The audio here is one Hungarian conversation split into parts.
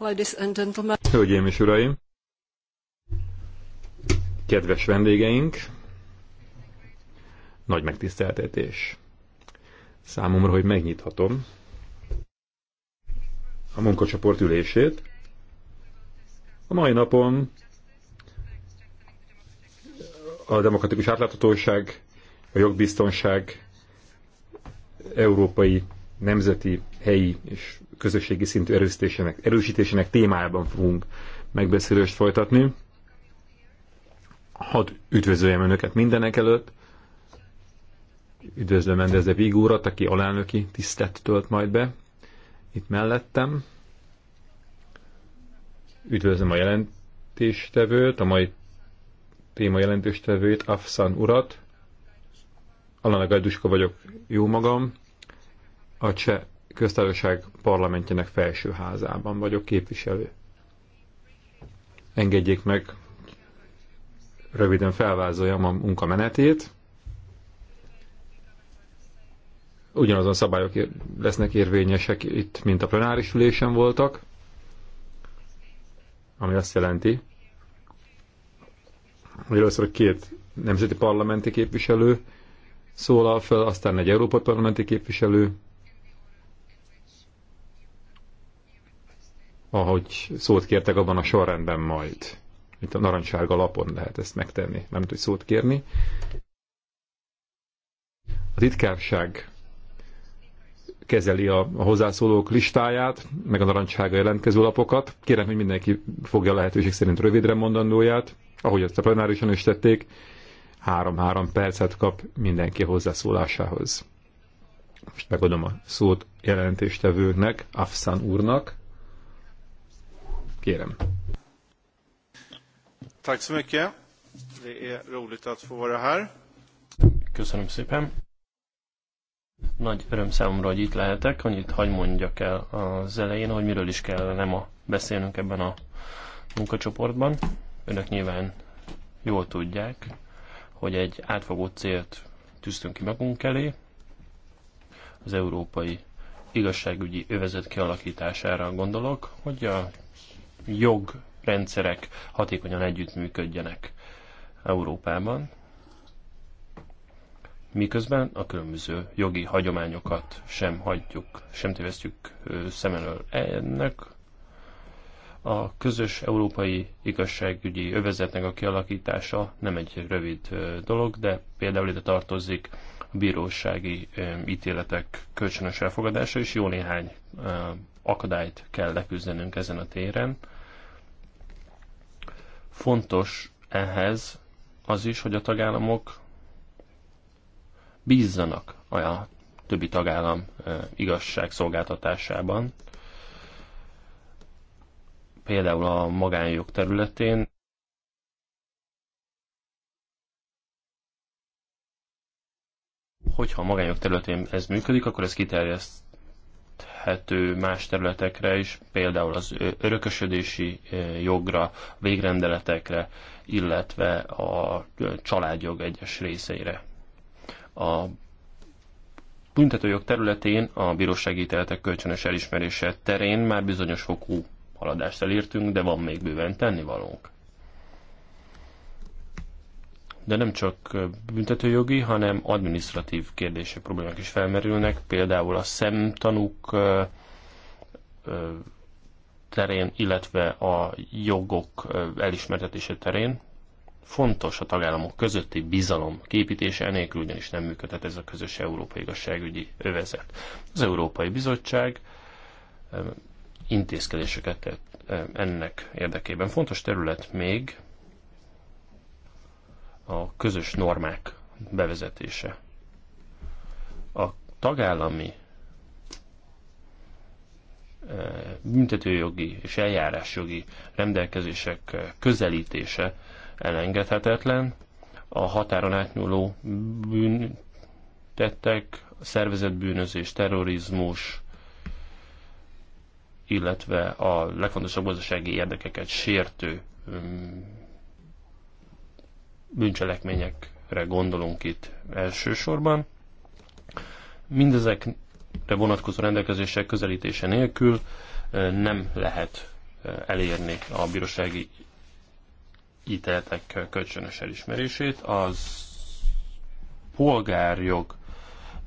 Ladies and gentlemen. Hölgyeim és uraim! Kedves vendégeink! Nagy megtiszteltetés számomra, hogy megnyithatom a munkacsoport ülését. A mai napon a demokratikus átláthatóság a jogbiztonság európai, nemzeti, helyi és közösségi szintű erősítésének, erősítésének témájában fogunk megbeszélést folytatni. Hadd üdvözöljem Önöket mindenek előtt. Üdvözlöm Mendeze Vigúrat, aki alelnöki tisztet tölt majd be. Itt mellettem. Üdvözlöm a jelentéstevőt, a mai téma jelentéstevőjét, Afsan urat, Alana Gajduska vagyok, jó magam. A Cseh köztársaság parlamentjének felsőházában vagyok képviselő. Engedjék meg, röviden felvázoljam a munkamenetét. Ugyanazon szabályok lesznek érvényesek itt, mint a plenáris ülésen voltak, ami azt jelenti, hogy először két nemzeti parlamenti képviselő szólal fel, aztán egy Európa Parlamenti képviselő, ahogy szót kértek abban a sorrendben majd. Itt a narancsárga lapon lehet ezt megtenni, nem tud szót kérni. A titkárság kezeli a, a hozzászólók listáját, meg a narancsága jelentkező lapokat. Kérem, hogy mindenki fogja lehetőség szerint rövidre mondandóját, ahogy ezt a plenárison is tették Három-három percet kap mindenki hozzászólásához. Most megadom a szót jelentéstevőknek, Afsan úrnak. Kérem. Tack så mycket. Det är roligt att få vara här. Köszönöm szépen. Nagy öröm számomra, hogy itt lehetek. Annyit hagy mondjak el az elején, hogy miről is kellene ma beszélnünk ebben a munkacsoportban. Önök nyilván jól tudják, hogy egy átfogó célt tűztünk ki magunk elé, az európai igazságügyi övezet kialakítására gondolok, hogy a jogrendszerek hatékonyan együttműködjenek Európában, miközben a különböző jogi hagyományokat sem hagyjuk, sem tévesztjük szem elől. Ennek a közös európai igazságügyi övezetnek a kialakítása nem egy rövid dolog, de például ide tartozik a bírósági ítéletek kölcsönös elfogadása, és jó néhány akadályt kell leküzdenünk ezen a téren. Fontos ehhez az is, hogy a tagállamok bízzanak a többi tagállam igazságszolgáltatásában, például a magánjog területén. Hogyha a magányok területén ez működik, akkor ez kiterjeszthető más területekre is, például az örökösödési jogra, végrendeletekre, illetve a családjog egyes részeire. A büntetőjog területén a bírósági ítéletek kölcsönös elismerése terén már bizonyos fokú haladást elértünk, de van még bőven tennivalónk. De nem csak büntetőjogi, hanem administratív kérdések, problémák is felmerülnek, például a szemtanúk terén, illetve a jogok elismertetése terén. Fontos a tagállamok közötti bizalom képítése, enélkül ugyanis nem működhet ez a közös európai igazságügyi övezet. Az Európai Bizottság intézkedéseket tett ennek érdekében. Fontos terület még a közös normák bevezetése. A tagállami eh, büntetőjogi és eljárásjogi rendelkezések közelítése elengedhetetlen. A határon átnyúló bűntettek, szervezetbűnözés, terrorizmus, illetve a legfontosabb gazdasági érdekeket sértő mm, bűncselekményekre gondolunk itt elsősorban. Mindezekre vonatkozó rendelkezések közelítése nélkül nem lehet elérni a bírósági ítéletek kölcsönös elismerését. Az polgárjog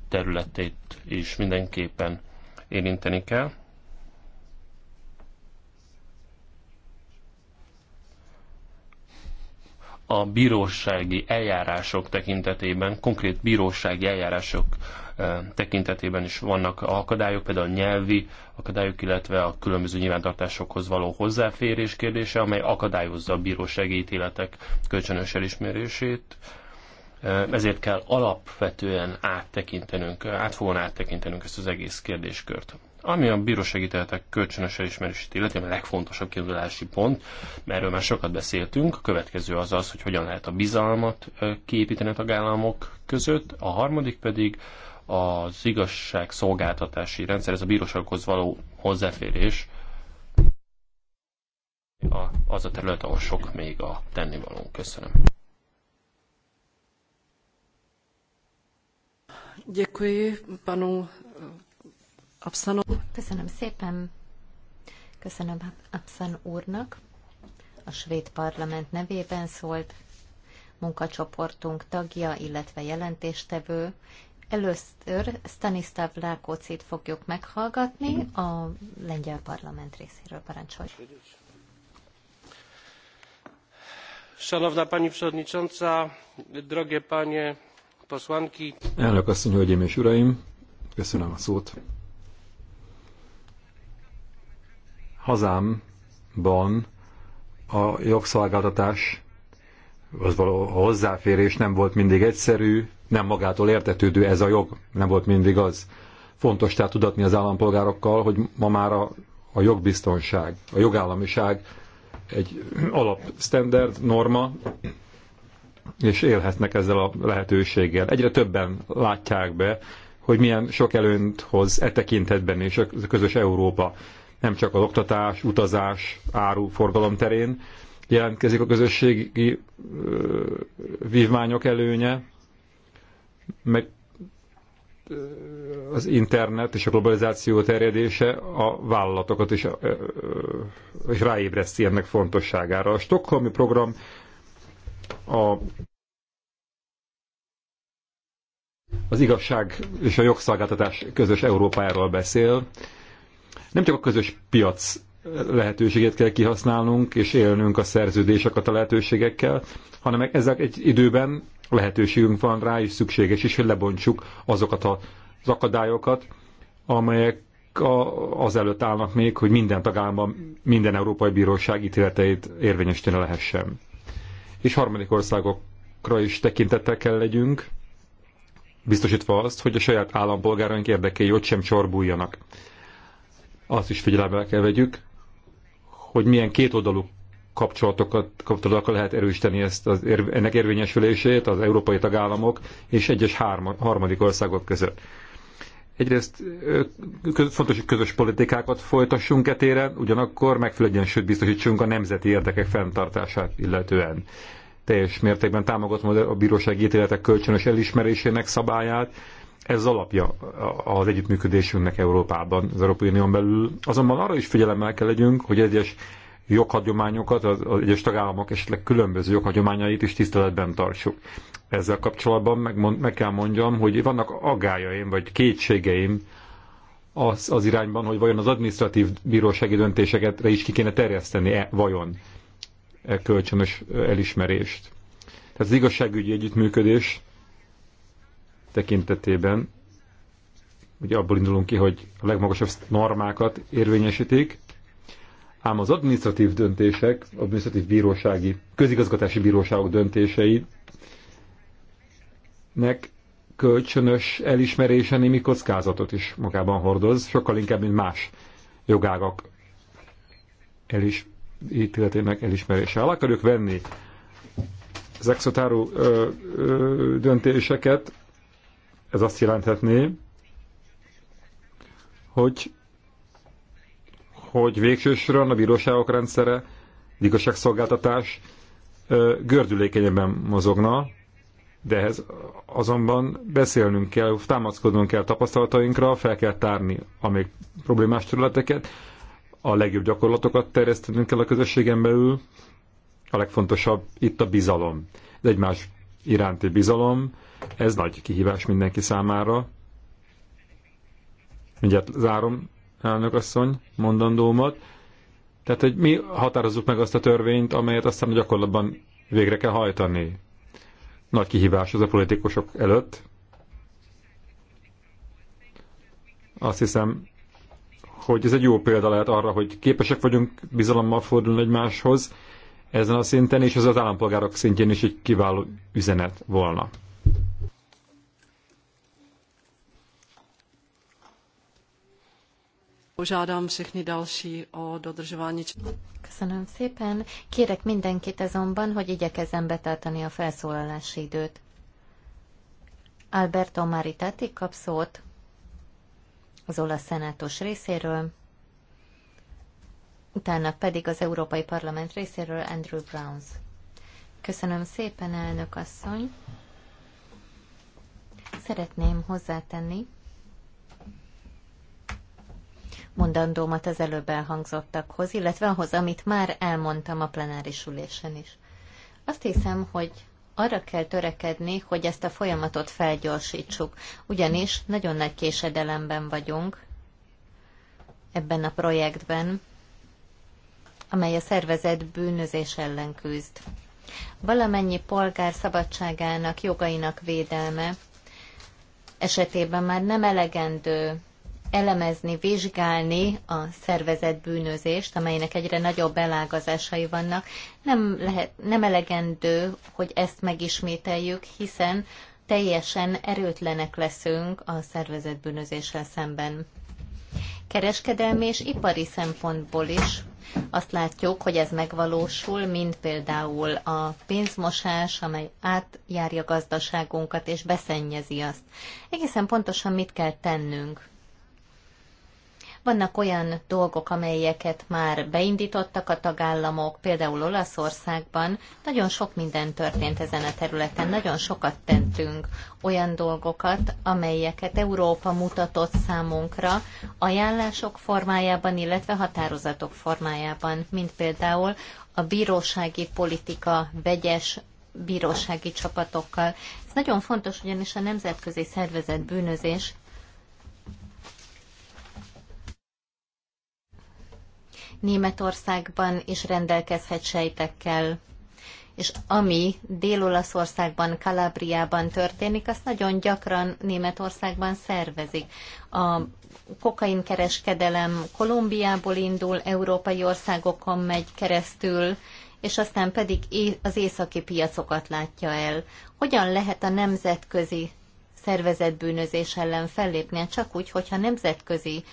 területét is mindenképpen érinteni kell. a bírósági eljárások tekintetében, konkrét bírósági eljárások tekintetében is vannak akadályok, például nyelvi akadályok, illetve a különböző nyilvántartásokhoz való hozzáférés kérdése, amely akadályozza a bírósági ítéletek kölcsönös elismerését. Ezért kell alapvetően áttekintenünk, átfogóan áttekintenünk ezt az egész kérdéskört. Ami a bírósági tehetek kölcsönös elismerését illeti, a legfontosabb kiindulási pont, mert erről már sokat beszéltünk, a következő az az, hogy hogyan lehet a bizalmat kiépíteni a tagállamok között, a harmadik pedig az igazság szolgáltatási rendszer, ez a bírósághoz való hozzáférés, az a terület, ahol sok még a tennivalónk. Köszönöm. Děkuji panu Abszanó. Köszönöm szépen. Köszönöm Abszan úrnak. A svéd parlament nevében szólt munkacsoportunk tagja, illetve jelentéstevő. Először Stanislav Lákócit fogjuk meghallgatni a lengyel parlament részéről. Parancsolj! Szanowna Pani Przewodnicząca, drogie Panie Posłanki. Elnök asszony, hölgyeim és uraim, köszönöm a szót. Hazámban a jogszolgáltatás az való hozzáférés nem volt mindig egyszerű, nem magától értetődő ez a jog, nem volt mindig az. Fontos tehát tudatni az állampolgárokkal, hogy ma már a, a jogbiztonság, a jogállamiság egy alapstandard, norma, és élhetnek ezzel a lehetőséggel. Egyre többen látják be, hogy milyen sok előnyt hoz e tekintetben és a közös Európa nem csak az oktatás, utazás, áruforgalom terén jelentkezik a közösségi vívmányok előnye, meg az internet és a globalizáció terjedése a vállalatokat is, és ráébreszti ennek fontosságára. A Stockholmi program a, az igazság és a jogszolgáltatás közös Európáról beszél, nem csak a közös piac lehetőséget kell kihasználnunk, és élnünk a szerződéseket a lehetőségekkel, hanem ezek egy időben lehetőségünk van rá, és szükséges is, hogy lebontsuk azokat az akadályokat, amelyek az azelőtt állnak még, hogy minden tagállamban minden európai bíróság ítéleteit érvényesíteni lehessen. És harmadik országokra is tekintettel kell legyünk, biztosítva azt, hogy a saját állampolgáraink érdekei ott sem csorbuljanak azt is figyelembe kell vegyük, hogy milyen kétoldalú kapcsolatokat, kapcsolatokat lehet erősíteni ezt az, ennek érvényesülését az európai tagállamok és egyes hárma, harmadik országok között. Egyrészt fontos, hogy közös politikákat folytassunk etéren, ugyanakkor megfelelő egyensúlyt biztosítsunk a nemzeti érdekek fenntartását illetően. Teljes mértékben támogatom a bírósági ítéletek kölcsönös elismerésének szabályát, ez alapja az együttműködésünknek Európában, az Európai Unión belül. Azonban arra is figyelemmel kell legyünk, hogy egyes joghagyományokat, az, az egyes tagállamok esetleg különböző joghagyományait is tiszteletben tartsuk. Ezzel kapcsolatban meg, meg kell mondjam, hogy vannak aggájaim vagy kétségeim az, az irányban, hogy vajon az administratív bírósági döntéseket is ki kéne terjeszteni, -e, vajon e kölcsönös e, elismerést. Tehát az igazságügyi együttműködés tekintetében ugye abból indulunk ki, hogy a legmagasabb normákat érvényesítik, ám az administratív döntések, administratív bírósági, közigazgatási bíróságok döntéseinek kölcsönös elismerése némi kockázatot is magában hordoz, sokkal inkább, mint más jogágak elis, ítéletének elismerése. El akarjuk venni az exotáró döntéseket, ez azt jelenthetné, hogy, hogy végsősorban a bíróságok rendszere, igazságszolgáltatás gördülékenyebben mozogna, de ehhez azonban beszélnünk kell, támaszkodnunk kell tapasztalatainkra, fel kell tárni a még problémás területeket, a legjobb gyakorlatokat terjesztenünk kell a közösségen belül, a legfontosabb itt a bizalom. Ez egymás iránti bizalom, ez nagy kihívás mindenki számára. Mindjárt zárom, elnökasszony mondandómat. Tehát, hogy mi határozzuk meg azt a törvényt, amelyet aztán a gyakorlatban végre kell hajtani. Nagy kihívás az a politikusok előtt. Azt hiszem, hogy ez egy jó példa lehet arra, hogy képesek vagyunk bizalommal fordulni egymáshoz ezen a szinten, és ez az állampolgárok szintjén is egy kiváló üzenet volna. Požádám všechny další o dodržování. Köszönöm szépen. Kérek mindenkit azonban, hogy igyekezzen betartani a felszólalási időt. Alberto Maritati kap szót az olasz szenátus részéről, utána pedig az Európai Parlament részéről Andrew Browns. Köszönöm szépen, elnök asszony. Szeretném hozzátenni, mondandómat az előbb elhangzottakhoz, illetve ahhoz, amit már elmondtam a plenáris ülésen is. Azt hiszem, hogy arra kell törekedni, hogy ezt a folyamatot felgyorsítsuk, ugyanis nagyon nagy késedelemben vagyunk ebben a projektben, amely a szervezet bűnözés ellen küzd. Valamennyi polgár szabadságának, jogainak védelme esetében már nem elegendő elemezni, vizsgálni a szervezett bűnözést, amelynek egyre nagyobb elágazásai vannak, nem, lehet, nem elegendő, hogy ezt megismételjük, hiszen teljesen erőtlenek leszünk a szervezett bűnözéssel szemben. Kereskedelmi és ipari szempontból is azt látjuk, hogy ez megvalósul, mint például a pénzmosás, amely átjárja gazdaságunkat és beszennyezi azt. Egészen pontosan mit kell tennünk? Vannak olyan dolgok, amelyeket már beindítottak a tagállamok, például Olaszországban. Nagyon sok minden történt ezen a területen, nagyon sokat tettünk olyan dolgokat, amelyeket Európa mutatott számunkra ajánlások formájában, illetve határozatok formájában, mint például a bírósági politika vegyes bírósági csapatokkal. Ez nagyon fontos, ugyanis a nemzetközi szervezet bűnözés Németországban is rendelkezhet sejtekkel. És ami Dél-Olaszországban, Kalabriában történik, azt nagyon gyakran Németországban szervezik. A kokainkereskedelem Kolumbiából indul, európai országokon megy keresztül, és aztán pedig az északi piacokat látja el. Hogyan lehet a nemzetközi szervezett bűnözés ellen fellépnie, hát csak úgy, hogyha nemzetközi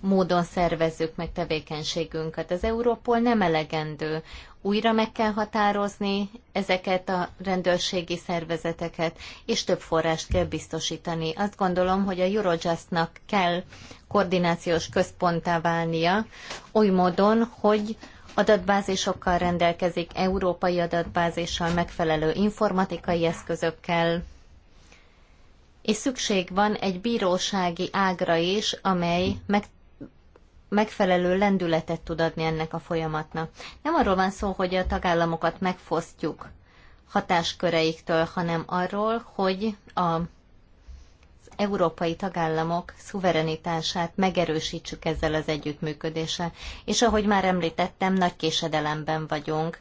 módon szervezzük meg tevékenységünket. Az Európol nem elegendő. Újra meg kell határozni ezeket a rendőrségi szervezeteket, és több forrást kell biztosítani. Azt gondolom, hogy a Eurojustnak kell koordinációs központtá válnia, oly módon, hogy adatbázisokkal rendelkezik, európai adatbázissal, megfelelő informatikai eszközökkel, és szükség van egy bírósági ágra is, amely meg megfelelő lendületet tud adni ennek a folyamatnak. Nem arról van szó, hogy a tagállamokat megfosztjuk hatásköreiktől, hanem arról, hogy a európai tagállamok szuverenitását megerősítsük ezzel az együttműködéssel. És ahogy már említettem, nagy késedelemben vagyunk.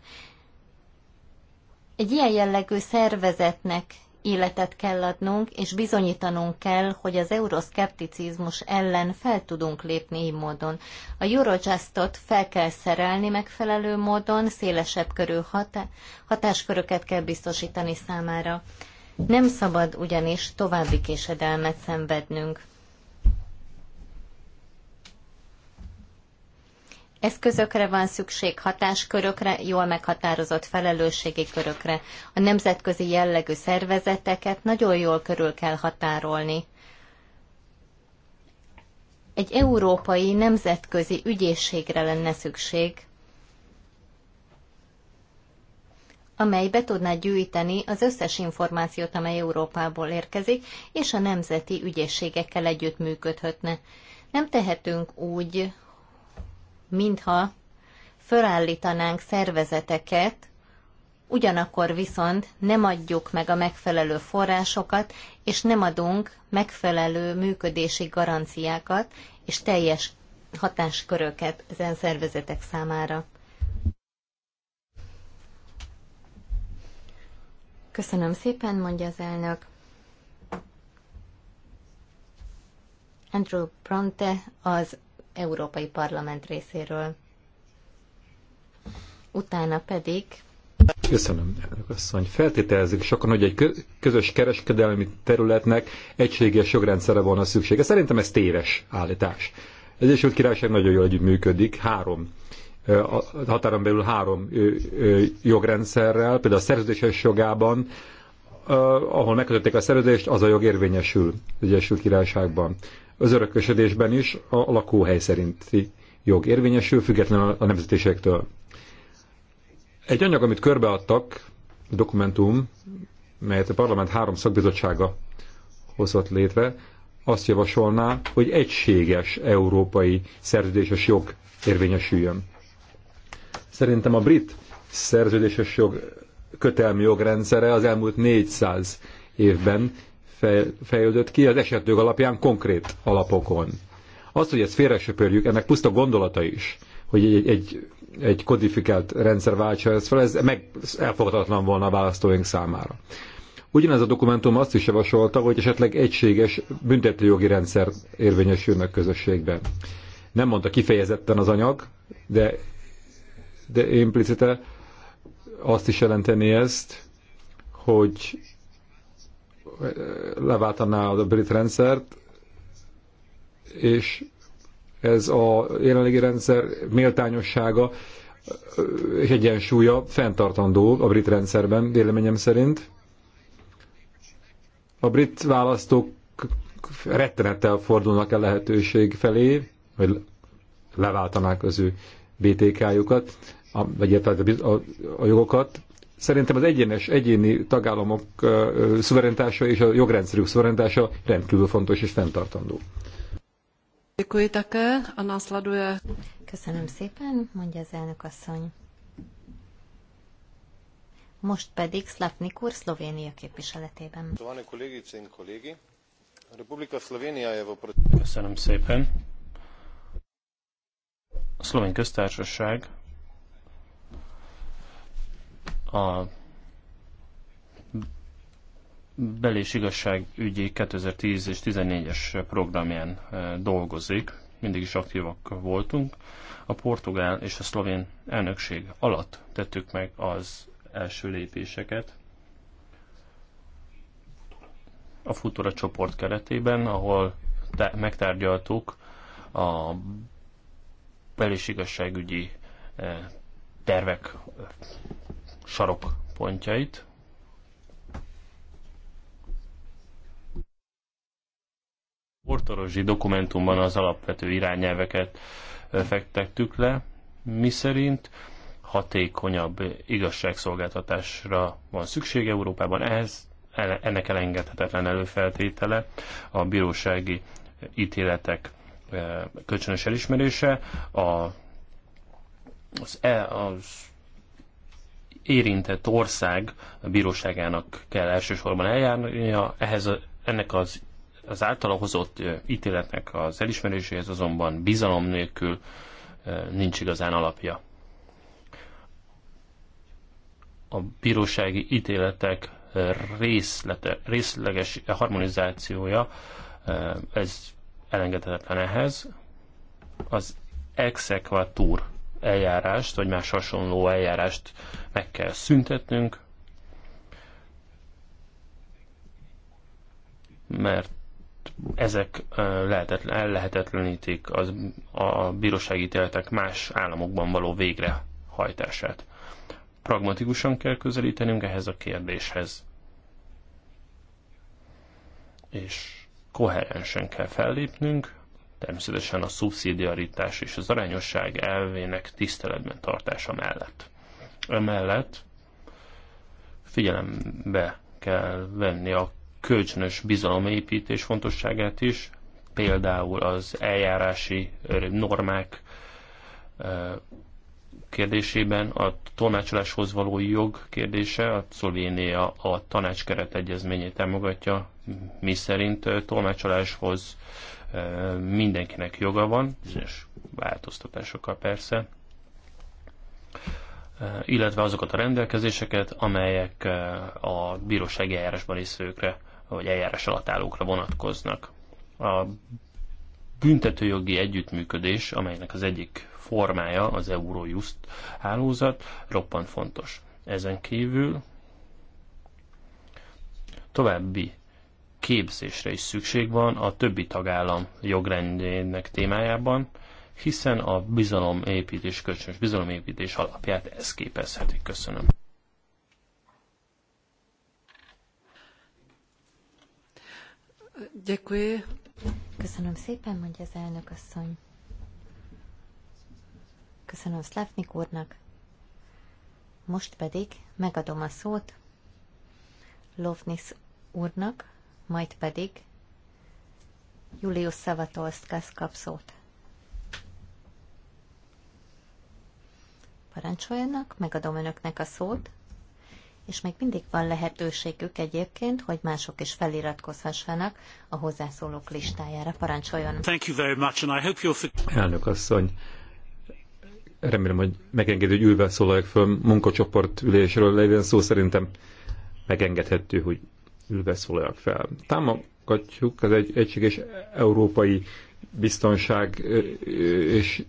Egy ilyen jellegű szervezetnek életet kell adnunk, és bizonyítanunk kell, hogy az euroszkepticizmus ellen fel tudunk lépni így módon. A Eurojustot fel kell szerelni megfelelő módon, szélesebb körű hatá- hatásköröket kell biztosítani számára. Nem szabad ugyanis további késedelmet szenvednünk. Eszközökre van szükség, hatáskörökre, jól meghatározott felelősségi körökre. A nemzetközi jellegű szervezeteket nagyon jól körül kell határolni. Egy európai nemzetközi ügyészségre lenne szükség, amely be tudná gyűjteni az összes információt, amely Európából érkezik, és a nemzeti ügyészségekkel együtt működhetne. Nem tehetünk úgy, mintha fölállítanánk szervezeteket, ugyanakkor viszont nem adjuk meg a megfelelő forrásokat, és nem adunk megfelelő működési garanciákat és teljes hatásköröket ezen szervezetek számára. Köszönöm szépen, mondja az elnök. Andrew Bronte, az Európai Parlament részéről. Utána pedig... Köszönöm, elnök asszony. Feltételezzük sokan, hogy egy közös kereskedelmi területnek egységes van volna szüksége. Szerintem ez téves állítás. Az Egyesült Királyság nagyon jól együtt működik. Három határon belül három jogrendszerrel, például a szerződéses jogában, ahol megkötötték a szerződést, az a jog érvényesül az Egyesült Királyságban az örökösödésben is a lakóhely szerinti jog érvényesül, függetlenül a nemzetiségektől. Egy anyag, amit körbeadtak, dokumentum, melyet a parlament három szakbizottsága hozott létre, azt javasolná, hogy egységes európai szerződéses jog érvényesüljön. Szerintem a brit szerződéses jog kötelmi jogrendszere az elmúlt 400 évben fejlődött ki az esetők alapján konkrét alapokon. Az, hogy ezt félresöpörjük, ennek puszta gondolata is, hogy egy, egy, egy kodifikált rendszer váltsa ezt fel, ez meg elfogadhatatlan volna a választóink számára. Ugyanez a dokumentum azt is javasolta, hogy esetleg egységes büntetőjogi rendszer érvényesülne a közösségben. Nem mondta kifejezetten az anyag, de, de implicite azt is jelenteni ezt, hogy leváltaná a brit rendszert, és ez a jelenlegi rendszer méltányossága és egyensúlya fenntartandó a brit rendszerben, véleményem szerint. A brit választók rettenettel fordulnak el lehetőség felé, hogy leváltanák az ő BTK-jukat, vagy a, a, a jogokat, szerintem az egyenes egyéni tagállamok szuverentása és a jogrendszerük szuverentása rendkívül fontos és fenntartandó. Köszönöm szépen, mondja az elnök asszony. Most pedig Szlavnik úr Szlovénia képviseletében. Köszönöm szépen. A szlovén köztársaság a bel- és ügyi 2010 és 14-es programján eh, dolgozik, mindig is aktívak voltunk. A portugál és a szlovén elnökség alatt tettük meg az első lépéseket a Futura csoport keretében, ahol megtárgyaltuk a bel- és igazságügyi eh, tervek sarokpontjait. Portorozsi dokumentumban az alapvető irányelveket fektettük le, szerint hatékonyabb igazságszolgáltatásra van szükség Európában. Ehhez ennek elengedhetetlen előfeltétele a bírósági ítéletek kölcsönös elismerése, a, az, e, az érintett ország bíróságának kell elsősorban eljárnia, ehhez a, ennek az, az általa hozott ítéletnek az elismeréséhez azonban bizalom nélkül nincs igazán alapja. A bírósági ítéletek részlete, részleges harmonizációja, ez elengedhetetlen ehhez. Az exekvatúr eljárást, vagy más hasonló eljárást meg kell szüntetnünk, mert ezek lehetetlen, lehetetlenítik az, a bírósági ítéletek más államokban való végrehajtását. Pragmatikusan kell közelítenünk ehhez a kérdéshez. És koherensen kell fellépnünk, természetesen a szubszidiaritás és az arányosság elvének tiszteletben tartása mellett. Emellett figyelembe kell venni a kölcsönös bizalomépítés fontosságát is, például az eljárási normák kérdésében a tanácsoláshoz való jog kérdése, a Szlovénia a tanácskeret egyezményét támogatja, mi szerint tolmácsoláshoz mindenkinek joga van, bizonyos változtatásokkal persze, illetve azokat a rendelkezéseket, amelyek a bírósági eljárásban részvőkre vagy eljárás alatt állókra vonatkoznak. A büntetőjogi együttműködés, amelynek az egyik formája az Eurojust hálózat, roppant fontos. Ezen kívül további képzésre is szükség van a többi tagállam jogrendjének témájában, hiszen a bizalomépítés, kölcsönös bizalomépítés alapját ez képezheti. Köszönöm. Děkuji. Köszönöm szépen, mondja az elnök asszony. Köszönöm Szlávnik úrnak. Most pedig megadom a szót Lovnis úrnak, majd pedig Julius Szavatolszkász kap szót. Parancsoljanak, megadom önöknek a szót, és még mindig van lehetőségük egyébként, hogy mások is feliratkozhassanak a hozzászólók listájára. Parancsoljon! Thank you very much, and I hope you're... Elnök asszony, remélem, hogy megengedő, hogy ülve szólaljak föl munkacsoport ülésről legyen szó, szerintem megengedhető, hogy ülve szólaljak fel. Támogatjuk az egy, egységes európai biztonság és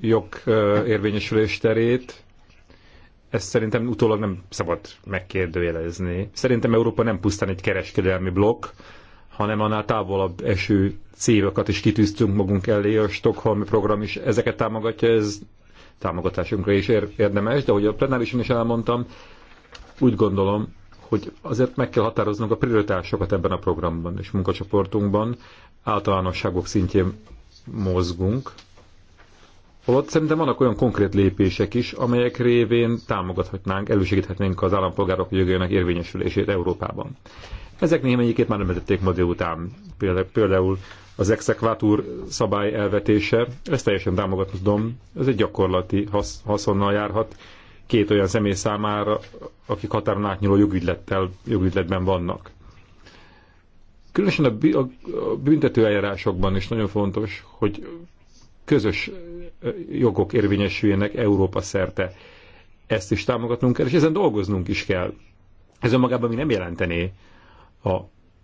jog érvényesülés terét. Ezt szerintem utólag nem szabad megkérdőjelezni. Szerintem Európa nem pusztán egy kereskedelmi blokk, hanem annál távolabb eső célokat is kitűztünk magunk elé, a Stockholmi program is ezeket támogatja, ez támogatásunkra is érdemes, de ahogy a plenárisan is elmondtam, úgy gondolom, hogy azért meg kell határoznunk a prioritásokat ebben a programban és munkacsoportunkban, általánosságok szintjén mozgunk, holott szerintem vannak olyan konkrét lépések is, amelyek révén támogathatnánk, elősegíthetnénk az állampolgárok jogainak érvényesülését Európában. Ezek némelyikét már említették ma délután, például az exekvátor szabály elvetése, ezt teljesen támogatom, ez egy gyakorlati hasz, haszonnal járhat, két olyan személy számára, akik határon átnyúló jogügylettel, jogügyletben vannak. Különösen a, büntető eljárásokban is nagyon fontos, hogy közös jogok érvényesüljenek Európa szerte. Ezt is támogatnunk kell, és ezen dolgoznunk is kell. Ez önmagában mi nem jelentené a,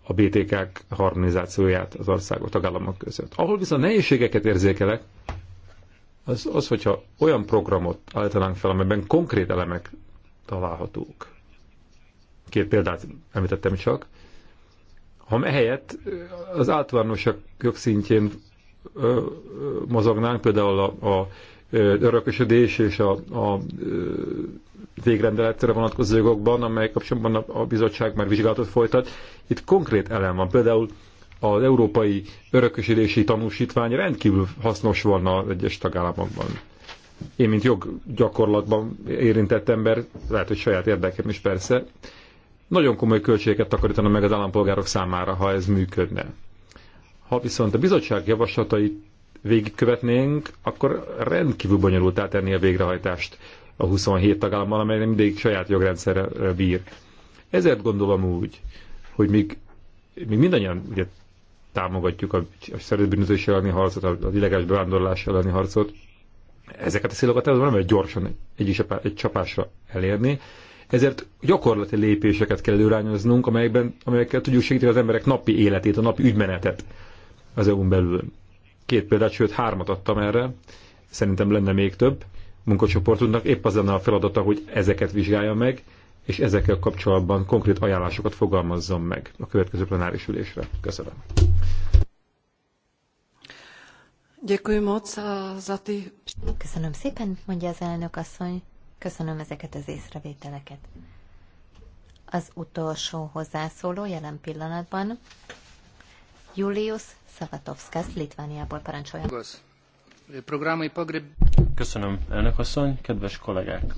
a BTK-k harmonizációját az országok, tagállamok között. Ahol viszont nehézségeket érzékelek, az, az, hogyha olyan programot állítanánk fel, amelyben konkrét elemek találhatók. Két példát említettem csak. Ha ehelyett az általánosak jogszintjén mozognánk, például a, a örökösödés és a, a végrendeletre vonatkozó jogokban, amely kapcsolatban a, a bizottság már vizsgálatot folytat. Itt konkrét elem van, például az európai örökösödési tanúsítvány rendkívül hasznos volna az egyes tagállamokban. Én, mint joggyakorlatban érintett ember, lehet, hogy saját érdekem is persze, nagyon komoly költségeket takarítana meg az állampolgárok számára, ha ez működne. Ha viszont a bizottság javaslatait végigkövetnénk, akkor rendkívül bonyolultá tenni a végrehajtást a 27 tagállammal, amely nem mindig saját jogrendszerre bír. Ezért gondolom úgy, hogy még, még mindannyian ugye, támogatjuk a, a szervezetbűnözés elleni harcot, az illegális bevándorlás elleni harcot. Ezeket a célokat nem lehet gyorsan egy, egy csapásra elérni, ezért gyakorlati lépéseket kell előrányoznunk, amelyekben, amelyekkel tudjuk segíteni az emberek napi életét, a napi ügymenetet az EU-n belül. Két példát, sőt hármat adtam erre, szerintem lenne még több munkacsoportunknak, épp az lenne a feladata, hogy ezeket vizsgálja meg, és ezekkel kapcsolatban konkrét ajánlásokat fogalmazzon meg a következő plenáris ülésre. Köszönöm. Köszönöm szépen, mondja az elnök asszony. Köszönöm ezeket az észrevételeket. Az utolsó hozzászóló jelen pillanatban Julius Szavatovszkász Litvániából parancsolja. Köszönöm, elnök asszony, kedves kollégák!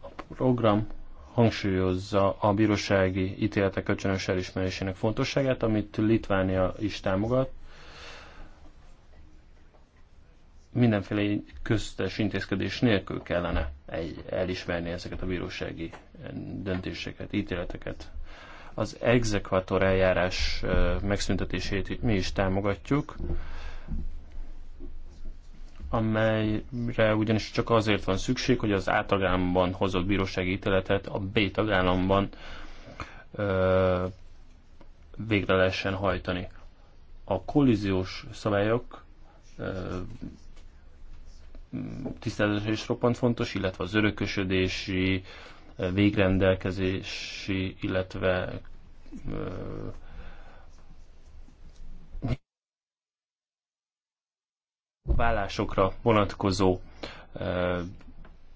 A program hangsúlyozza a bírósági ítéletek kölcsönös elismerésének fontosságát, amit Litvánia is támogat. Mindenféle köztes intézkedés nélkül kellene egy, elismerni ezeket a bírósági eh, döntéseket, ítéleteket. Az exekvator eljárás eh, megszüntetését mi is támogatjuk amelyre ugyanis csak azért van szükség, hogy az A tagállamban hozott bírósági ítéletet a B tagállamban ö, végre lehessen hajtani. A kollíziós szabályok ö, is roppant fontos, illetve az örökösödési, végrendelkezési, illetve ö, vállásokra vonatkozó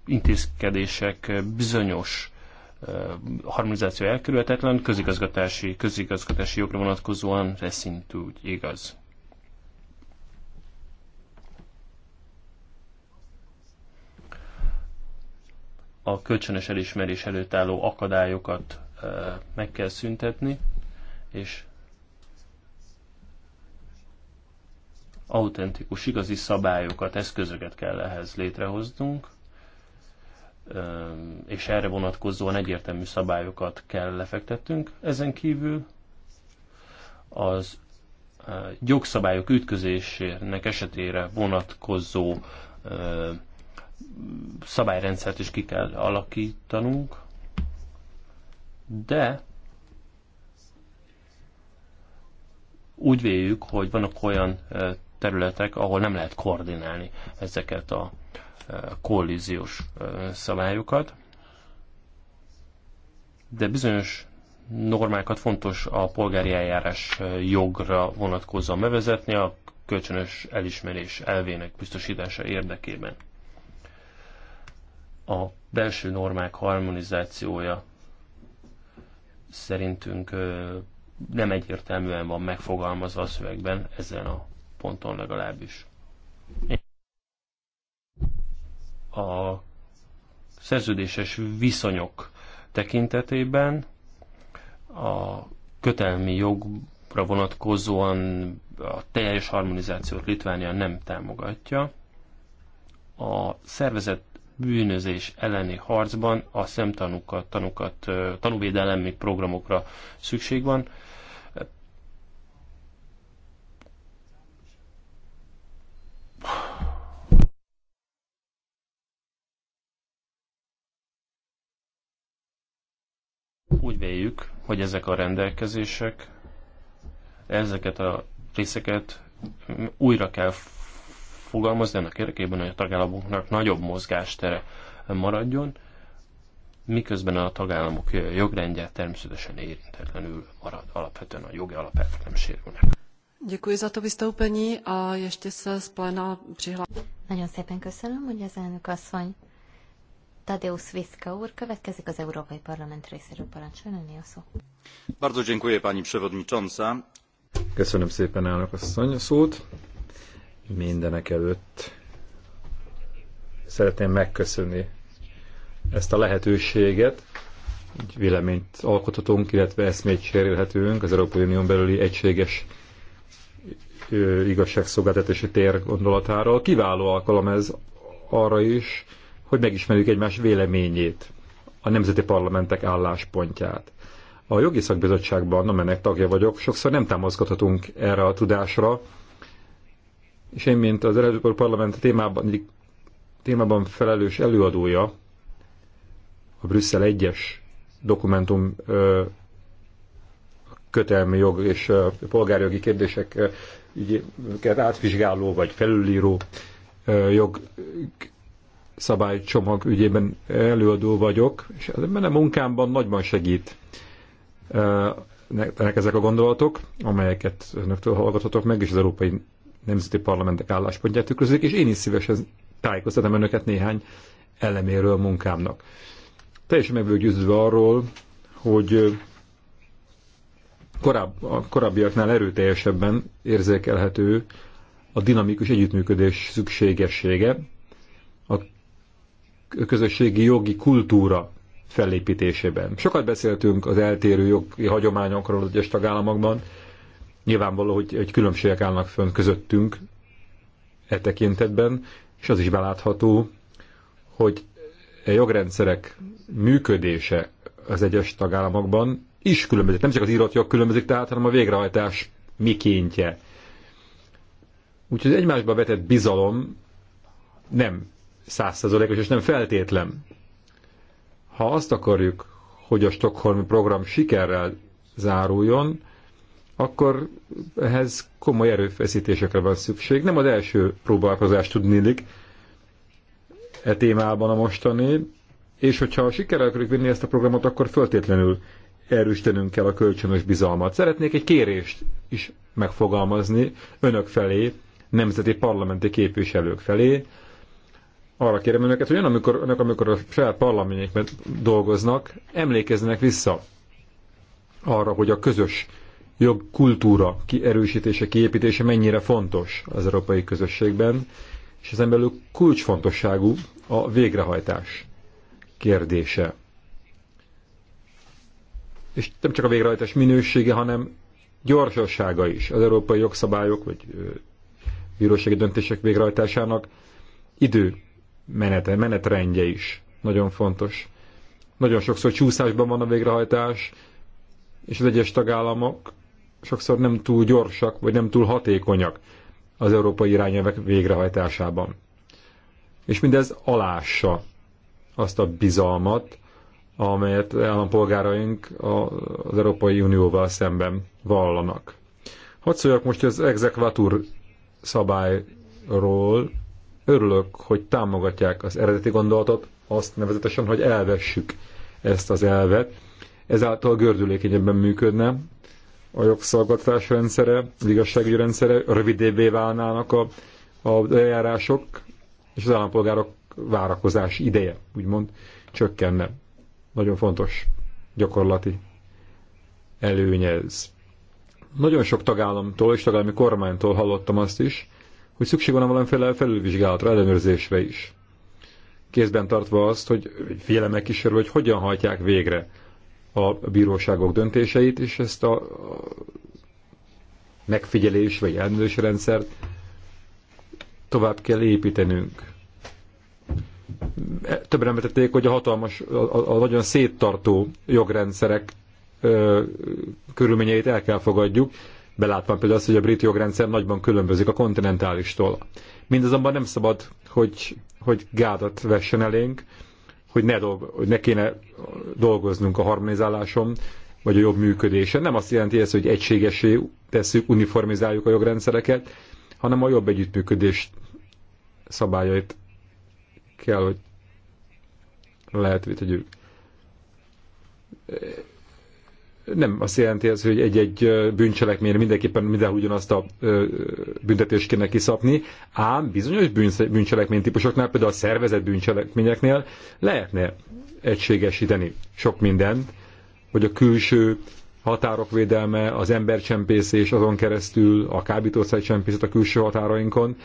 intézkedések bizonyos harmonizáció elkerülhetetlen, közigazgatási, közigazgatási jogra vonatkozóan ez szintű igaz. A kölcsönös elismerés előtt álló akadályokat meg kell szüntetni, és autentikus, igazi szabályokat, eszközöket kell ehhez létrehoznunk, és erre vonatkozóan egyértelmű szabályokat kell lefektetnünk. Ezen kívül az jogszabályok ütközésének esetére vonatkozó szabályrendszert is ki kell alakítanunk, de úgy véljük, hogy vannak olyan területek, ahol nem lehet koordinálni ezeket a e, kollíziós e, szabályokat. De bizonyos normákat fontos a polgári eljárás e, jogra vonatkozóan bevezetni a kölcsönös elismerés elvének biztosítása érdekében. A belső normák harmonizációja szerintünk nem egyértelműen van megfogalmazva a szövegben ezen a ponton legalábbis. A szerződéses viszonyok tekintetében a kötelmi jogra vonatkozóan a teljes harmonizációt Litvánia nem támogatja. A szervezet bűnözés elleni harcban a szemtanúkat, tanúkat, tanúvédelemi programokra szükség van. Úgy véljük, hogy ezek a rendelkezések, ezeket a részeket újra kell fogalmazni annak érdekében, hogy a tagállamoknak nagyobb mozgástere maradjon, miközben a tagállamok jogrendje természetesen érintetlenül marad, alapvetően a jogi alapelvek nem sérülnek. Děkuji za to vystoupení a ještě se z pléna Nagyon szépen köszönöm, hogy az elnök asszony Tadeusz Viszka úr, következik az Európai Parlament részéről parancsolni a szó. Bardzo dziękuję, pani przewodnicząca. Köszönöm szépen, elnök asszony, a szót. Mindenek előtt szeretném megköszönni ezt a lehetőséget, egy véleményt alkothatunk, illetve eszmét cserélhetünk az Európai Unión belüli egységes igazságszolgáltatási tér gondolatáról. Kiváló alkalom ez arra is, hogy megismerjük egymás véleményét, a nemzeti parlamentek álláspontját. A jogi szakbizottságban, amelynek tagja vagyok, sokszor nem támaszkodhatunk erre a tudásra, és én, mint az előző parlament témában, témában felelős előadója, a Brüsszel egyes dokumentum kötelmi jog és polgárjogi kérdéseket átvizsgáló vagy felülíró jog szabálycsomag ügyében előadó vagyok, és ebben a munkámban nagyban segít ennek ezek a gondolatok, amelyeket önöktől hallgathatok meg, és az Európai Nemzeti Parlamentek álláspontját tükrözik, és én is szívesen tájékoztatom önöket néhány eleméről a munkámnak. Teljesen meg győződve arról, hogy koráb, a korábbiaknál erőteljesebben érzékelhető a dinamikus együttműködés szükségessége közösségi jogi kultúra felépítésében. Sokat beszéltünk az eltérő jogi hagyományokról az egyes tagállamokban. Nyilvánvaló, hogy egy különbségek állnak fönn közöttünk e tekintetben, és az is belátható, hogy a e jogrendszerek működése az egyes tagállamokban is különbözik. Nem csak az írott jog különbözik, tehát, hanem a végrehajtás mikéntje. Úgyhogy egymásba vetett bizalom nem százszerzalékos, és nem feltétlen. Ha azt akarjuk, hogy a Stockholmi program sikerrel záruljon, akkor ehhez komoly erőfeszítésekre van szükség. Nem az első próbálkozás tudnélik e témában a mostani, és hogyha sikerrel akarjuk vinni ezt a programot, akkor föltétlenül erősítenünk kell a kölcsönös bizalmat. Szeretnék egy kérést is megfogalmazni önök felé, nemzeti parlamenti képviselők felé, arra kérem önöket, hogy amikor, önök, amikor a saját parlamentjékben dolgoznak, emlékezzenek vissza arra, hogy a közös jobb kultúra kierősítése, kiépítése mennyire fontos az európai közösségben, és ezen belül kulcsfontosságú a végrehajtás kérdése. És nem csak a végrehajtás minősége, hanem gyorsossága is az európai jogszabályok vagy bírósági döntések végrehajtásának idő menete, menetrendje is nagyon fontos. Nagyon sokszor csúszásban van a végrehajtás, és az egyes tagállamok sokszor nem túl gyorsak, vagy nem túl hatékonyak az európai irányelvek végrehajtásában. És mindez alássa azt a bizalmat, amelyet állampolgáraink az Európai Unióval szemben vallanak. Hadd szóljak most az exekvatúr szabályról, Örülök, hogy támogatják az eredeti gondolatot, azt nevezetesen, hogy elvessük ezt az elvet. Ezáltal gördülékenyebben működne a jogszolgáltatás rendszere, az igazságügyi rendszere, rövidébbé válnának a, a eljárások, és az állampolgárok várakozás ideje, úgymond, csökkenne. Nagyon fontos gyakorlati előnye ez. Nagyon sok tagállamtól és tagállami kormánytól hallottam azt is, hogy szükség van valamiféle felülvizsgálatra, ellenőrzésre is. Kézben tartva azt, hogy figyelemmel kísérve, hogy hogyan hajtják végre a bíróságok döntéseit, és ezt a megfigyelés vagy ellenőrzési rendszert tovább kell építenünk. E, többen említették, hogy a hatalmas, a, a nagyon széttartó jogrendszerek ö, körülményeit el kell fogadjuk, belátva például azt, hogy a brit jogrendszer nagyban különbözik a kontinentálistól. Mindazonban nem szabad, hogy, hogy gádat vessen elénk, hogy ne, dolg, hogy ne kéne dolgoznunk a harmonizáláson, vagy a jobb működésen. Nem azt jelenti ez, hogy egységesé tesszük, uniformizáljuk a jogrendszereket, hanem a jobb együttműködés szabályait kell, hogy lehet, hogy tegyük nem azt jelenti ez, hogy egy-egy bűncselekményre mindenképpen mindenhol ugyanazt a büntetést kéne kiszapni, ám bizonyos bűncselekmény típusoknál, például a szervezett bűncselekményeknél lehetne egységesíteni sok mindent, hogy a külső határok védelme, az embercsempészés azon keresztül, a kábítószercsempészet a külső határainkon.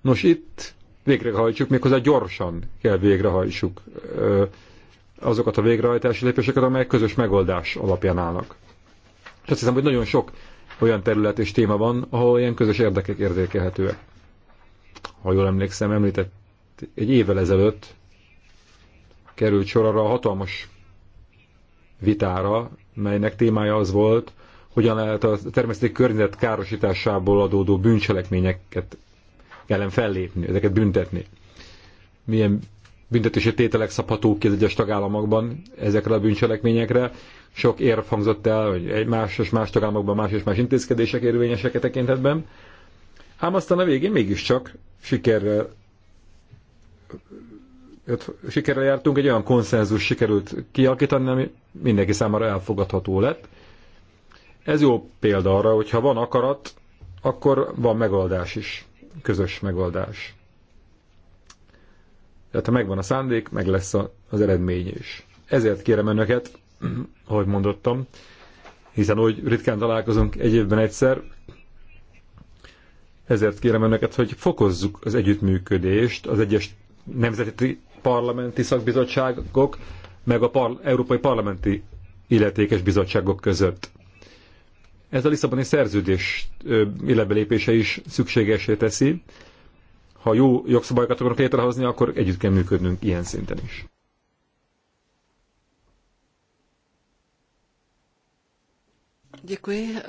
Nos, itt végrehajtsuk, méghozzá gyorsan kell végrehajtsuk azokat a végrehajtási lépéseket, amelyek közös megoldás alapján állnak. És azt hiszem, hogy nagyon sok olyan terület és téma van, ahol ilyen közös érdekek érzékelhetőek. Ha jól emlékszem, említett egy évvel ezelőtt került sor arra a hatalmas vitára, melynek témája az volt, hogyan lehet a természeti környezet károsításából adódó bűncselekményeket ellen fellépni, ezeket büntetni. Milyen büntetési tételek szabhatók ki az egyes tagállamokban ezekre a bűncselekményekre. Sok érv hangzott el, hogy egy más és más tagállamokban más és más intézkedések érvényesek e tekintetben. Ám aztán a végén mégiscsak sikerrel sikerrel jártunk, egy olyan konszenzus sikerült kialakítani, ami mindenki számára elfogadható lett. Ez jó példa arra, hogy ha van akarat, akkor van megoldás is, közös megoldás. Tehát ha megvan a szándék, meg lesz az eredmény is. Ezért kérem önöket, ahogy mondottam, hiszen úgy ritkán találkozunk egy évben egyszer, ezért kérem önöket, hogy fokozzuk az együttműködést az egyes nemzeti parlamenti szakbizottságok, meg a par- európai parlamenti illetékes bizottságok között. Ez a Lisszaboni szerződés életbelépése is szükségesé teszi, ha jó jogszabályokat akarok létrehozni, akkor együtt kell működnünk ilyen szinten is. Eh,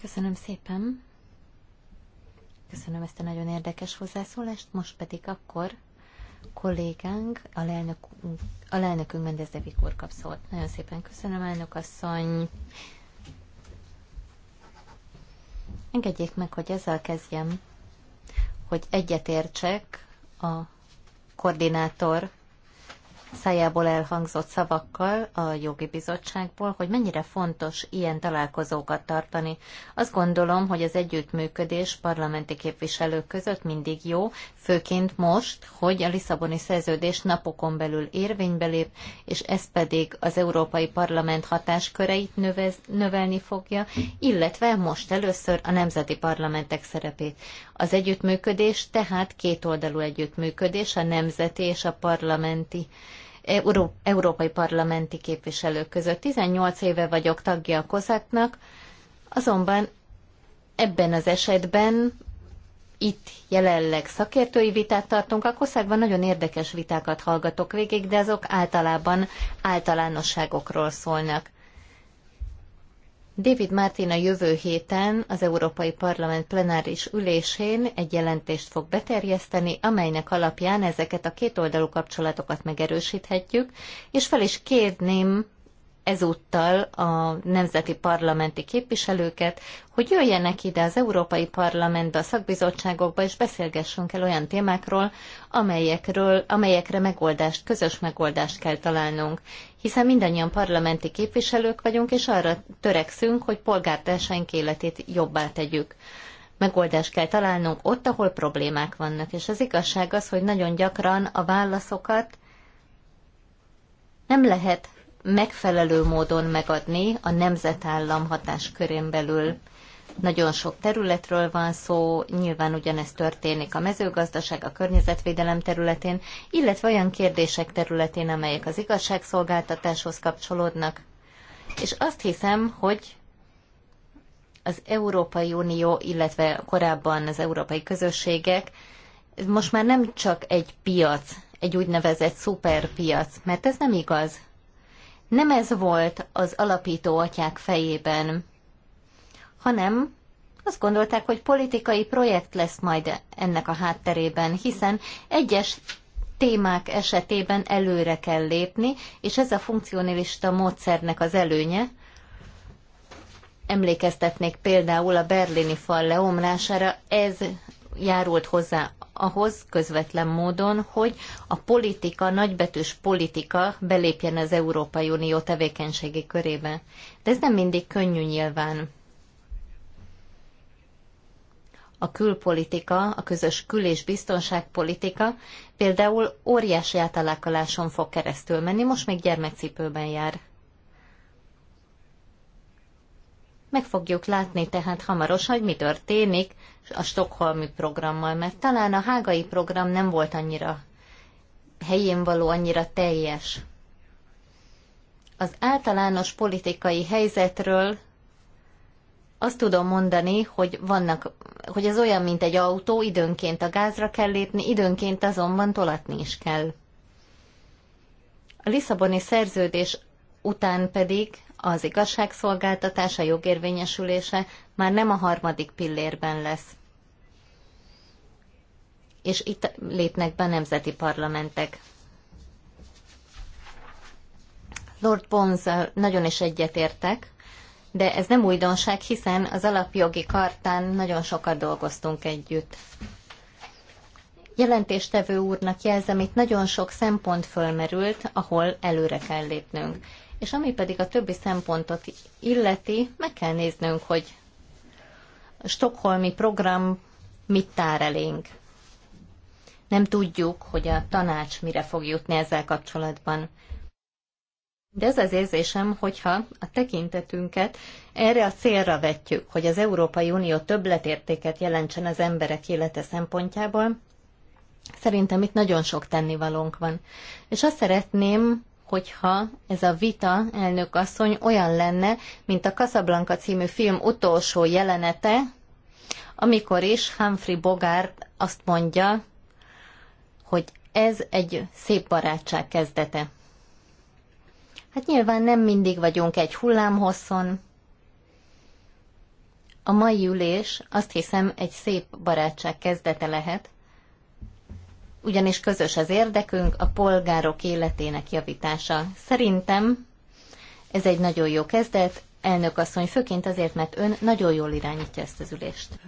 köszönöm szépen. Köszönöm ezt a nagyon érdekes hozzászólást. Most pedig akkor kollégánk, a lelnökünk Mendez Devik úr kap szót. Nagyon szépen köszönöm, elnök asszony. Engedjék meg, hogy ezzel kezdjem, hogy egyetértsek a koordinátor szájából elhangzott szavakkal a jogi bizottságból, hogy mennyire fontos ilyen találkozókat tartani. Azt gondolom, hogy az együttműködés parlamenti képviselők között mindig jó, főként most, hogy a Lisszaboni szerződés napokon belül érvénybe lép, és ez pedig az Európai Parlament hatásköreit növez, növelni fogja, illetve most először a nemzeti parlamentek szerepét. Az együttműködés tehát kétoldalú együttműködés a nemzeti és a parlamenti Euró- európai parlamenti képviselők között. 18 éve vagyok tagja a kozáknak, azonban ebben az esetben itt jelenleg szakértői vitát tartunk. A koszákban nagyon érdekes vitákat hallgatok végig, de azok általában általánosságokról szólnak. David Martin a jövő héten az Európai Parlament plenáris ülésén egy jelentést fog beterjeszteni, amelynek alapján ezeket a kétoldalú kapcsolatokat megerősíthetjük, és fel is kérném ezúttal a nemzeti parlamenti képviselőket, hogy jöjjenek ide az Európai Parlamentbe, a szakbizottságokba, és beszélgessünk el olyan témákról, amelyekről, amelyekre megoldást, közös megoldást kell találnunk. Hiszen mindannyian parlamenti képviselők vagyunk, és arra törekszünk, hogy polgártársaink életét jobbá tegyük. Megoldást kell találnunk ott, ahol problémák vannak, és az igazság az, hogy nagyon gyakran a válaszokat nem lehet megfelelő módon megadni a nemzetállam hatáskörén belül. Nagyon sok területről van szó, nyilván ugyanezt történik a mezőgazdaság, a környezetvédelem területén, illetve olyan kérdések területén, amelyek az igazságszolgáltatáshoz kapcsolódnak. És azt hiszem, hogy az Európai Unió, illetve korábban az európai közösségek most már nem csak egy piac, egy úgynevezett szuperpiac, mert ez nem igaz nem ez volt az alapító atyák fejében, hanem azt gondolták, hogy politikai projekt lesz majd ennek a hátterében, hiszen egyes témák esetében előre kell lépni, és ez a funkcionalista módszernek az előnye. Emlékeztetnék például a berlini fal leomlására, ez járult hozzá ahhoz közvetlen módon, hogy a politika, nagybetűs politika belépjen az Európai Unió tevékenységi körébe. De ez nem mindig könnyű nyilván. A külpolitika, a közös kül- és biztonságpolitika például óriási átalakuláson fog keresztül menni, most még gyermekcipőben jár. Meg fogjuk látni tehát hamarosan, hogy mi történik a stokholmi programmal, mert talán a hágai program nem volt annyira helyén való, annyira teljes. Az általános politikai helyzetről azt tudom mondani, hogy vannak, hogy ez olyan, mint egy autó, időnként a gázra kell lépni, időnként azonban tolatni is kell. A Lisszaboni szerződés után pedig az igazságszolgáltatás, a jogérvényesülése már nem a harmadik pillérben lesz. És itt lépnek be nemzeti parlamentek. Lord Bones nagyon is egyetértek, de ez nem újdonság, hiszen az alapjogi kartán nagyon sokat dolgoztunk együtt. Jelentéstevő úrnak jelzem, itt nagyon sok szempont fölmerült, ahol előre kell lépnünk. És ami pedig a többi szempontot illeti, meg kell néznünk, hogy a stokholmi program mit tár elénk. Nem tudjuk, hogy a tanács mire fog jutni ezzel kapcsolatban. De ez az érzésem, hogyha a tekintetünket erre a célra vetjük, hogy az Európai Unió többletértéket jelentsen az emberek élete szempontjából, szerintem itt nagyon sok tennivalónk van. És azt szeretném, hogyha ez a vita, elnök asszony, olyan lenne, mint a Casablanca című film utolsó jelenete, amikor is Humphrey Bogart azt mondja, hogy ez egy szép barátság kezdete. Hát nyilván nem mindig vagyunk egy hullámhosszon. A mai ülés azt hiszem egy szép barátság kezdete lehet, ugyanis közös az érdekünk, a polgárok életének javítása. Szerintem ez egy nagyon jó kezdet, elnök asszony, főként azért, mert ön nagyon jól irányítja ezt az ülést.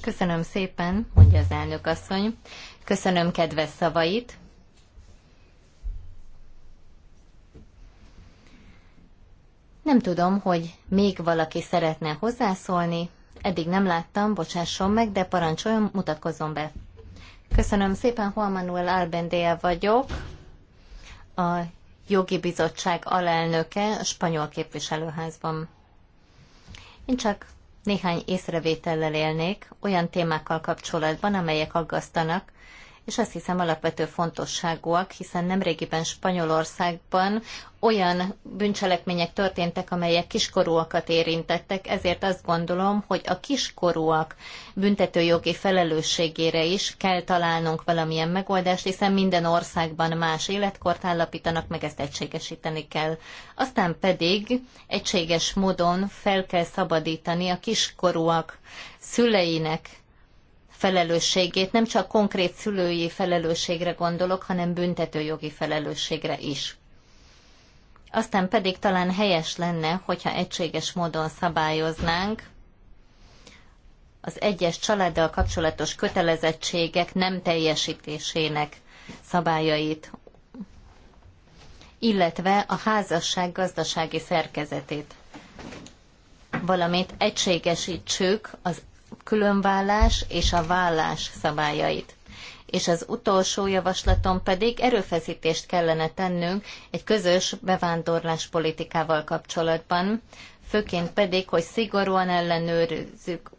Köszönöm szépen, mondja az elnök asszony. Köszönöm kedves szavait. Nem tudom, hogy még valaki szeretne hozzászólni. Eddig nem láttam, bocsásson meg, de parancsoljon, mutatkozzon be. Köszönöm szépen, Juan Manuel Albendea vagyok, a jogi bizottság alelnöke a spanyol képviselőházban. Én csak néhány észrevétellel élnék olyan témákkal kapcsolatban, amelyek aggasztanak, és azt hiszem alapvető fontosságúak, hiszen nemrégiben Spanyolországban olyan bűncselekmények történtek, amelyek kiskorúakat érintettek, ezért azt gondolom, hogy a kiskorúak büntetőjogi felelősségére is kell találnunk valamilyen megoldást, hiszen minden országban más életkort állapítanak, meg ezt egységesíteni kell. Aztán pedig egységes módon fel kell szabadítani a kiskorúak szüleinek felelősségét, nem csak konkrét szülői felelősségre gondolok, hanem büntetőjogi felelősségre is. Aztán pedig talán helyes lenne, hogyha egységes módon szabályoznánk az egyes családdal kapcsolatos kötelezettségek nem teljesítésének szabályait, illetve a házasság gazdasági szerkezetét valamint egységesítsük az különvállás és a vállás szabályait. És az utolsó javaslatom pedig erőfeszítést kellene tennünk egy közös bevándorláspolitikával kapcsolatban, főként pedig, hogy szigorúan ellenőrizzük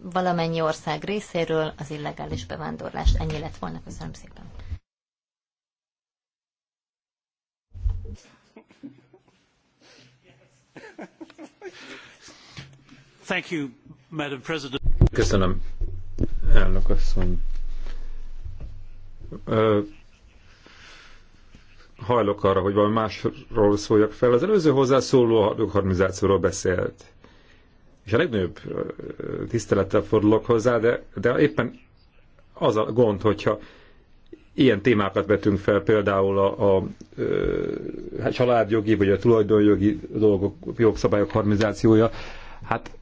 valamennyi ország részéről az illegális bevándorlást. Ennyi lett volna. Köszönöm szépen. Thank you. Köszönöm, elnök asszony. hajlok arra, hogy valami másról szóljak fel. Az előző hozzászóló a harmonizációról beszélt. És a legnagyobb tisztelettel fordulok hozzá, de, de éppen az a gond, hogyha ilyen témákat vetünk fel, például a, a, a hát családjogi vagy a tulajdonjogi dolgok, jogszabályok harmonizációja, hát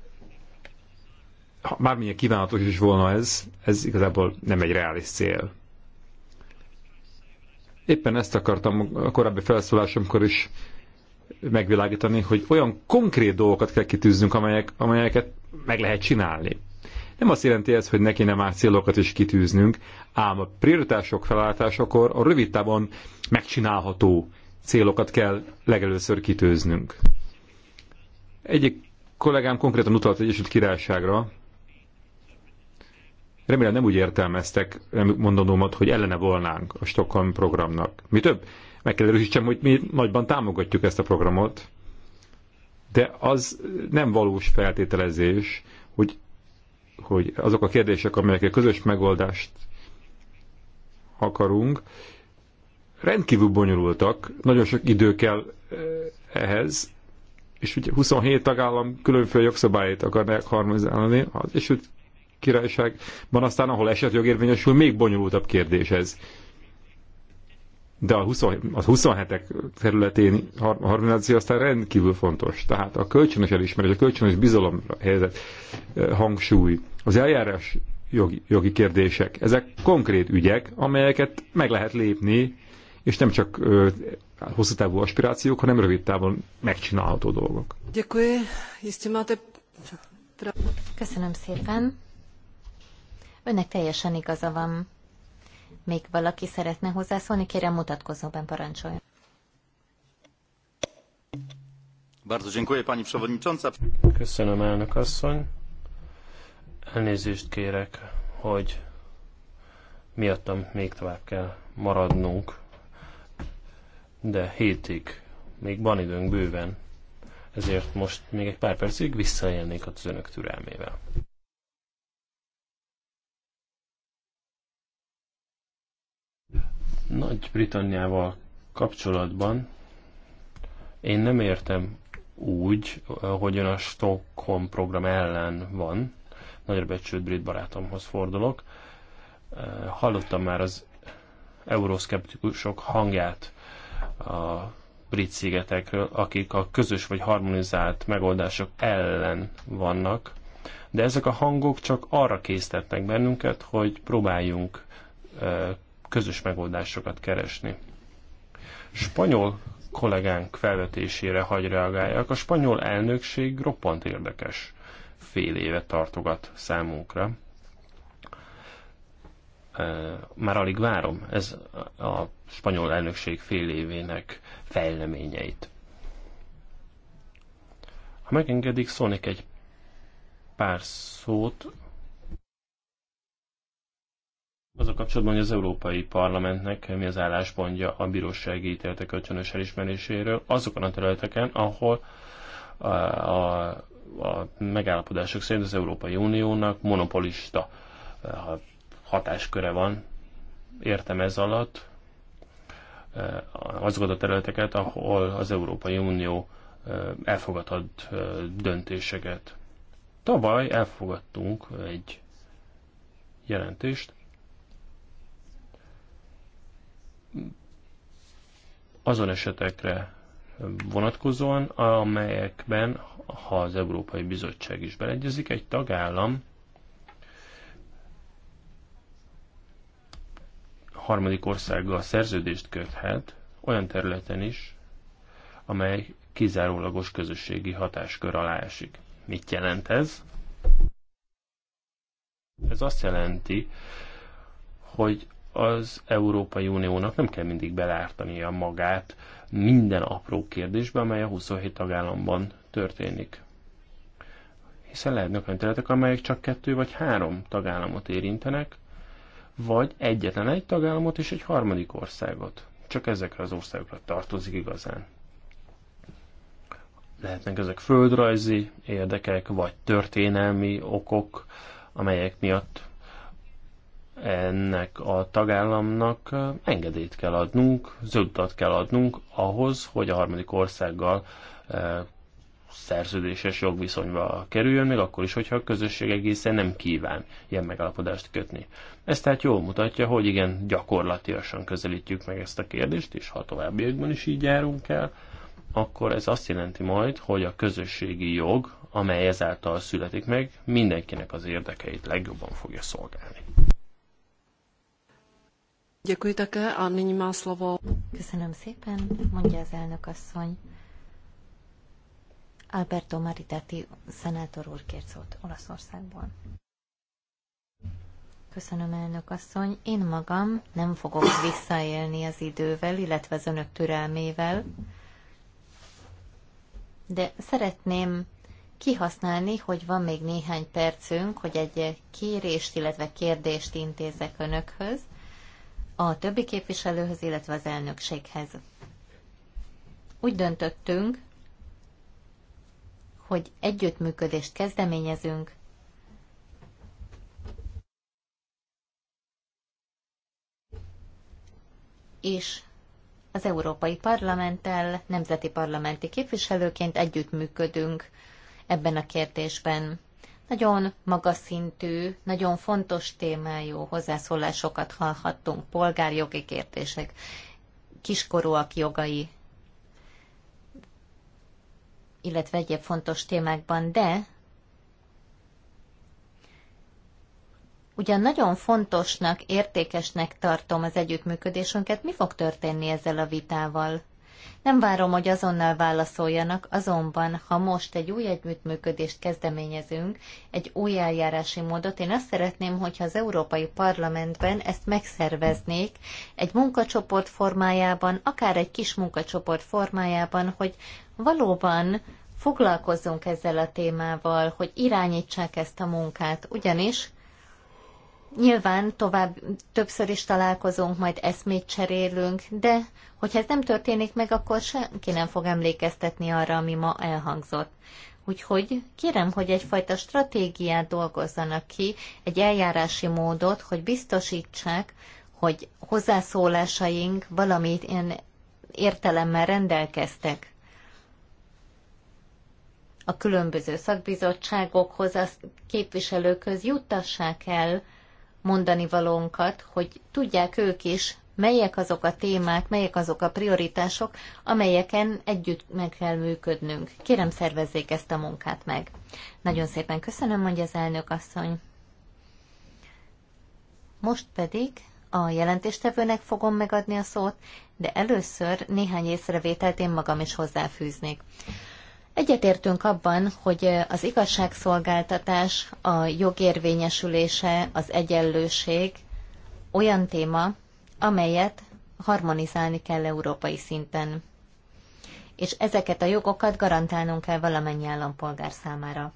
bármilyen kívánatos is volna ez, ez igazából nem egy reális cél. Éppen ezt akartam a korábbi felszólásomkor is megvilágítani, hogy olyan konkrét dolgokat kell kitűznünk, amelyek, amelyeket meg lehet csinálni. Nem azt jelenti ez, hogy neki nem más célokat is kitűznünk, ám a prioritások felállításakor a rövid távon megcsinálható célokat kell legelőször kitűznünk. Egyik kollégám konkrétan utalt Egyesült Királyságra, Remélem nem úgy értelmeztek mondanómat, hogy ellene volnánk a Stockholm programnak. Mi több, meg kell erősítsem, hogy mi nagyban támogatjuk ezt a programot, de az nem valós feltételezés, hogy, hogy azok a kérdések, amelyekre közös megoldást akarunk, rendkívül bonyolultak, nagyon sok idő kell eh, ehhez, és ugye 27 tagállam különféle jogszabályt akarnak harmonizálni, és Királyságban, aztán ahol esetjog érvényesül, még bonyolultabb kérdés ez. De a 20, az 27-ek területén a harmonizáció aztán rendkívül fontos. Tehát a kölcsönös elismerés, a kölcsönös bizalomra helyezett hangsúly, az eljárás jogi, jogi kérdések, ezek konkrét ügyek, amelyeket meg lehet lépni, és nem csak ö, hosszú távú aspirációk, hanem rövid távon megcsinálható dolgok. Köszönöm szépen. Önnek teljesen igaza van. Még valaki szeretne hozzászólni, kérem mutatkozóban parancsoljon. Bardzo dziękuję pani przewodnicząca. Köszönöm elnök asszony. Elnézést kérek, hogy miattam még tovább kell maradnunk, de hétig még van időnk bőven, ezért most még egy pár percig visszaélnék az önök türelmével. Nagy-Britanniával kapcsolatban én nem értem úgy, hogyan a Stockholm program ellen van. Nagyra becsült brit barátomhoz fordulok. Hallottam már az euroszkeptikusok hangját a brit szigetekről, akik a közös vagy harmonizált megoldások ellen vannak. De ezek a hangok csak arra késztetnek bennünket, hogy próbáljunk eh, közös megoldásokat keresni. Spanyol kollégánk felvetésére hagy reagáljak. A spanyol elnökség roppant érdekes fél éve tartogat számunkra. Már alig várom ez a spanyol elnökség fél évének fejleményeit. Ha megengedik, szólnék egy pár szót az a kapcsolatban, hogy az Európai Parlamentnek mi az álláspontja a bírósági ítéletek kölcsönös elismeréséről azokon a területeken, ahol a, a, a megállapodások szerint az Európai Uniónak monopolista e, hatásköre van, értem ez alatt, e, azokat a területeket, ahol az Európai Unió e, elfogadhat döntéseket. Tavaly elfogadtunk egy jelentést, azon esetekre vonatkozóan, amelyekben, ha az Európai Bizottság is beleegyezik, egy tagállam harmadik országgal szerződést köthet olyan területen is, amely kizárólagos közösségi hatáskör alá esik. Mit jelent ez? Ez azt jelenti, hogy az Európai Uniónak nem kell mindig belártania magát minden apró kérdésbe, amely a 27 tagállamban történik. Hiszen lehetnek olyan területek, amelyek csak kettő vagy három tagállamot érintenek, vagy egyetlen egy tagállamot és egy harmadik országot. Csak ezekre az országokra tartozik igazán. Lehetnek ezek földrajzi érdekek, vagy történelmi okok, amelyek miatt ennek a tagállamnak engedélyt kell adnunk, zöldutat kell adnunk ahhoz, hogy a harmadik országgal eh, szerződéses jogviszonyba kerüljön, még akkor is, hogyha a közösség egészen nem kíván ilyen megállapodást kötni. Ez tehát jól mutatja, hogy igen, gyakorlatilag közelítjük meg ezt a kérdést, és ha továbbiakban is így járunk el, akkor ez azt jelenti majd, hogy a közösségi jog, amely ezáltal születik meg, mindenkinek az érdekeit legjobban fogja szolgálni. Děkuji také a nyní má slovo. Köszönöm szépen, mondja az elnök asszony. Alberto Maritati szenátor úr kért szót Olaszországból. Köszönöm, elnök asszony. Én magam nem fogok visszaélni az idővel, illetve az önök türelmével, de szeretném kihasználni, hogy van még néhány percünk, hogy egy kérést, illetve kérdést intézek önökhöz – a többi képviselőhöz, illetve az elnökséghez. Úgy döntöttünk, hogy együttműködést kezdeményezünk és az Európai Parlamenttel, nemzeti parlamenti képviselőként együttműködünk ebben a kérdésben. Nagyon magas szintű, nagyon fontos témájú hozzászólásokat hallhattunk, polgárjogi kérdések, kiskorúak jogai, illetve egyéb fontos témákban, de Ugyan nagyon fontosnak, értékesnek tartom az együttműködésünket, mi fog történni ezzel a vitával? Nem várom, hogy azonnal válaszoljanak, azonban, ha most egy új együttműködést kezdeményezünk, egy új eljárási módot, én azt szeretném, hogyha az Európai Parlamentben ezt megszerveznék egy munkacsoport formájában, akár egy kis munkacsoport formájában, hogy valóban foglalkozzunk ezzel a témával, hogy irányítsák ezt a munkát, ugyanis Nyilván tovább többször is találkozunk, majd eszmét cserélünk, de hogyha ez nem történik meg, akkor senki nem fog emlékeztetni arra, ami ma elhangzott. Úgyhogy kérem, hogy egyfajta stratégiát dolgozzanak ki, egy eljárási módot, hogy biztosítsák, hogy hozzászólásaink valamit ilyen értelemmel rendelkeztek. A különböző szakbizottságokhoz a képviselőköz juttassák el mondani valónkat, hogy tudják ők is, melyek azok a témák, melyek azok a prioritások, amelyeken együtt meg kell működnünk. Kérem, szervezzék ezt a munkát meg. Nagyon szépen köszönöm, mondja az elnök asszony. Most pedig a jelentéstevőnek fogom megadni a szót, de először néhány észrevételt én magam is hozzáfűznék. Egyetértünk abban, hogy az igazságszolgáltatás, a jogérvényesülése, az egyenlőség olyan téma, amelyet harmonizálni kell európai szinten. És ezeket a jogokat garantálnunk kell valamennyi állampolgár számára.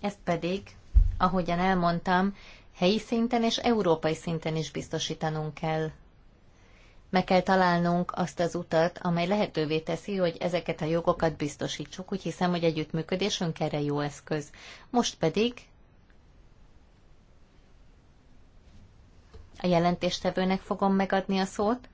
Ezt pedig, ahogyan elmondtam, helyi szinten és európai szinten is biztosítanunk kell meg kell találnunk azt az utat, amely lehetővé teszi, hogy ezeket a jogokat biztosítsuk. Úgy hiszem, hogy együttműködésünk erre jó eszköz. Most pedig a jelentéstevőnek fogom megadni a szót,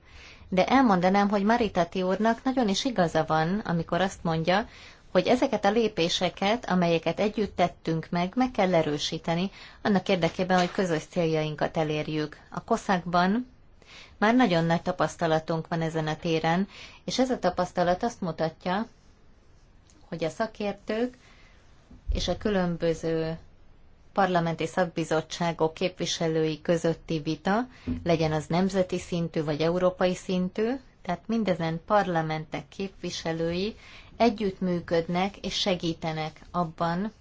de elmondanám, hogy Maritati úrnak nagyon is igaza van, amikor azt mondja, hogy ezeket a lépéseket, amelyeket együtt tettünk meg, meg kell erősíteni, annak érdekében, hogy közös céljainkat elérjük. A koszakban már nagyon nagy tapasztalatunk van ezen a téren, és ez a tapasztalat azt mutatja, hogy a szakértők és a különböző parlamenti szakbizottságok képviselői közötti vita, legyen az nemzeti szintű vagy európai szintű, tehát mindezen parlamentek képviselői együttműködnek és segítenek abban,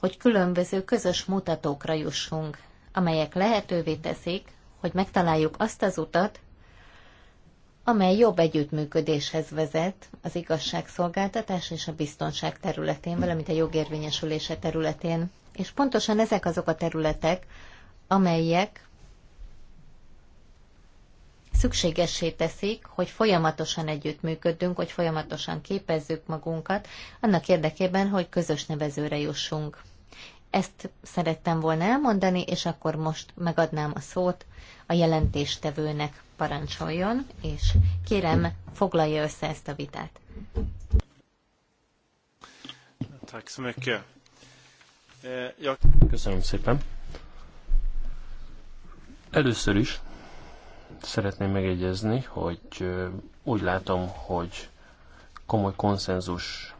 hogy különböző közös mutatókra jussunk, amelyek lehetővé teszik, hogy megtaláljuk azt az utat, amely jobb együttműködéshez vezet az igazságszolgáltatás és a biztonság területén, valamint a jogérvényesülése területén. És pontosan ezek azok a területek, amelyek szükségessé teszik, hogy folyamatosan együttműködünk, hogy folyamatosan képezzük magunkat, annak érdekében, hogy közös nevezőre jussunk. Ezt szerettem volna elmondani, és akkor most megadnám a szót a jelentéstevőnek parancsoljon, és kérem, foglalja össze ezt a vitát. Köszönöm szépen. Először is szeretném megegyezni, hogy úgy látom, hogy komoly konszenzus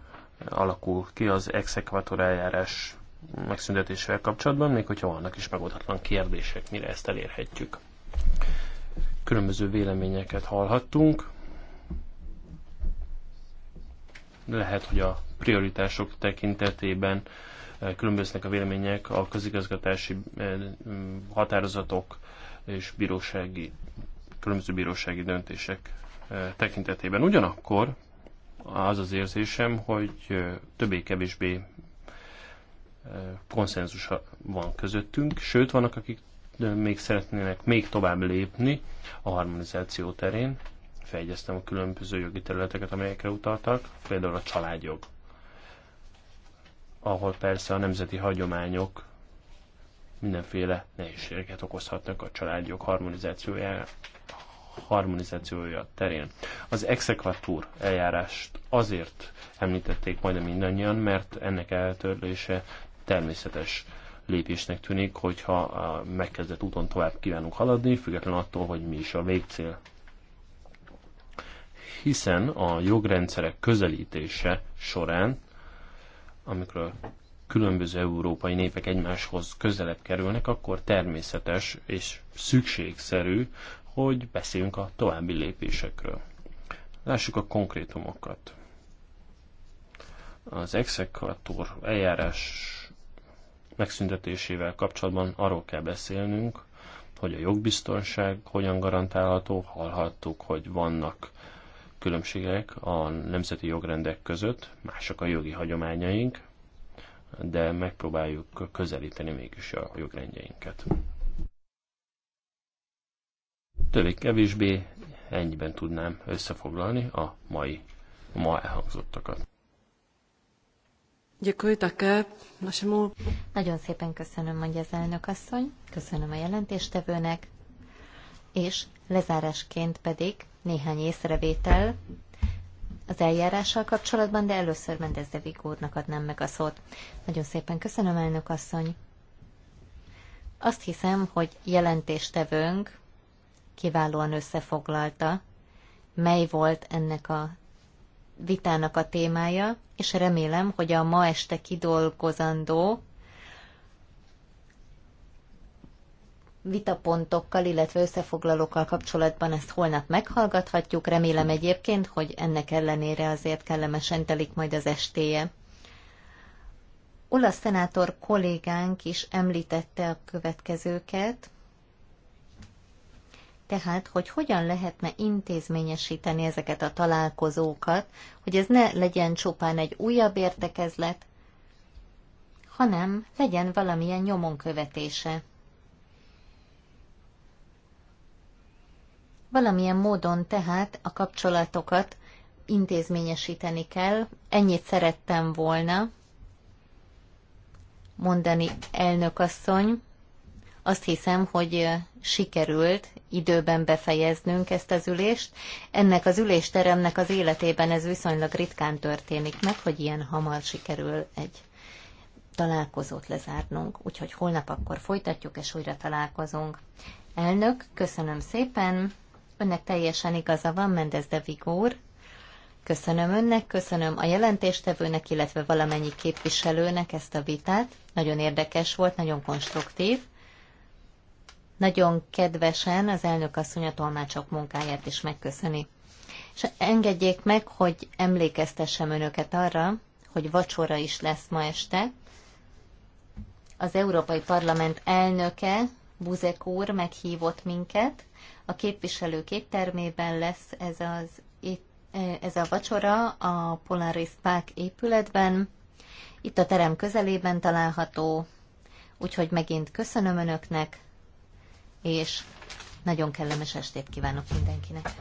alakul ki az exekvator eljárás megszüntetéssel kapcsolatban, még hogyha vannak is megoldatlan kérdések, mire ezt elérhetjük. Különböző véleményeket hallhattunk. Lehet, hogy a prioritások tekintetében eh, különböznek a vélemények a közigazgatási eh, mm, határozatok és bírósági, különböző bírósági döntések eh, tekintetében. Ugyanakkor az az érzésem, hogy többé-kevésbé konszenzus van közöttünk, sőt vannak, akik még szeretnének még tovább lépni a harmonizáció terén. Fejegyeztem a különböző jogi területeket, amelyekre utaltak, például a családjog, ahol persze a nemzeti hagyományok mindenféle nehézségeket okozhatnak a családjog harmonizációjára harmonizációja terén. Az exekvatúr eljárást azért említették majdnem mindannyian, mert ennek eltörlése természetes lépésnek tűnik, hogyha a megkezdett úton tovább kívánunk haladni, függetlenül attól, hogy mi is a végcél. Hiszen a jogrendszerek közelítése során, amikor különböző európai népek egymáshoz közelebb kerülnek, akkor természetes és szükségszerű, hogy beszéljünk a további lépésekről. Lássuk a konkrétumokat. Az exekvator eljárás megszüntetésével kapcsolatban arról kell beszélnünk, hogy a jogbiztonság hogyan garantálható, hallhattuk, hogy vannak különbségek a nemzeti jogrendek között, mások a jogi hagyományaink, de megpróbáljuk közelíteni mégis a jogrendjeinket. Többé-kevésbé ennyiben tudnám összefoglalni a mai, ma elhangzottakat. Děkuji také našemu... Nagyon szépen köszönöm, mondja az elnök asszony, köszönöm a jelentéstevőnek, és lezárásként pedig néhány észrevétel az eljárással kapcsolatban, de először Mendez de úrnak adnám meg a szót. Nagyon szépen köszönöm, elnök asszony. Azt hiszem, hogy jelentéstevőnk kiválóan összefoglalta, mely volt ennek a vitának a témája, és remélem, hogy a ma este kidolgozandó vitapontokkal, illetve összefoglalókkal kapcsolatban ezt holnap meghallgathatjuk. Remélem egyébként, hogy ennek ellenére azért kellemesen telik majd az estéje. Olasz szenátor kollégánk is említette a következőket. Tehát, hogy hogyan lehetne intézményesíteni ezeket a találkozókat, hogy ez ne legyen csupán egy újabb értekezlet, hanem legyen valamilyen nyomon követése. Valamilyen módon tehát a kapcsolatokat intézményesíteni kell. Ennyit szerettem volna mondani elnökasszony. Azt hiszem, hogy sikerült időben befejeznünk ezt az ülést. Ennek az ülésteremnek az életében ez viszonylag ritkán történik meg, hogy ilyen hamar sikerül egy találkozót lezárnunk. Úgyhogy holnap akkor folytatjuk, és újra találkozunk. Elnök, köszönöm szépen. Önnek teljesen igaza van, Mendez de Vigór. Köszönöm önnek, köszönöm a jelentéstevőnek, illetve valamennyi képviselőnek ezt a vitát. Nagyon érdekes volt, nagyon konstruktív nagyon kedvesen az elnök asszony a tolmácsok munkáját is megköszöni. És engedjék meg, hogy emlékeztessem önöket arra, hogy vacsora is lesz ma este. Az Európai Parlament elnöke, Buzek úr meghívott minket. A képviselők éttermében lesz ez, az, ez a vacsora a Polaris Park épületben. Itt a terem közelében található, úgyhogy megint köszönöm önöknek, és nagyon kellemes estét kívánok mindenkinek.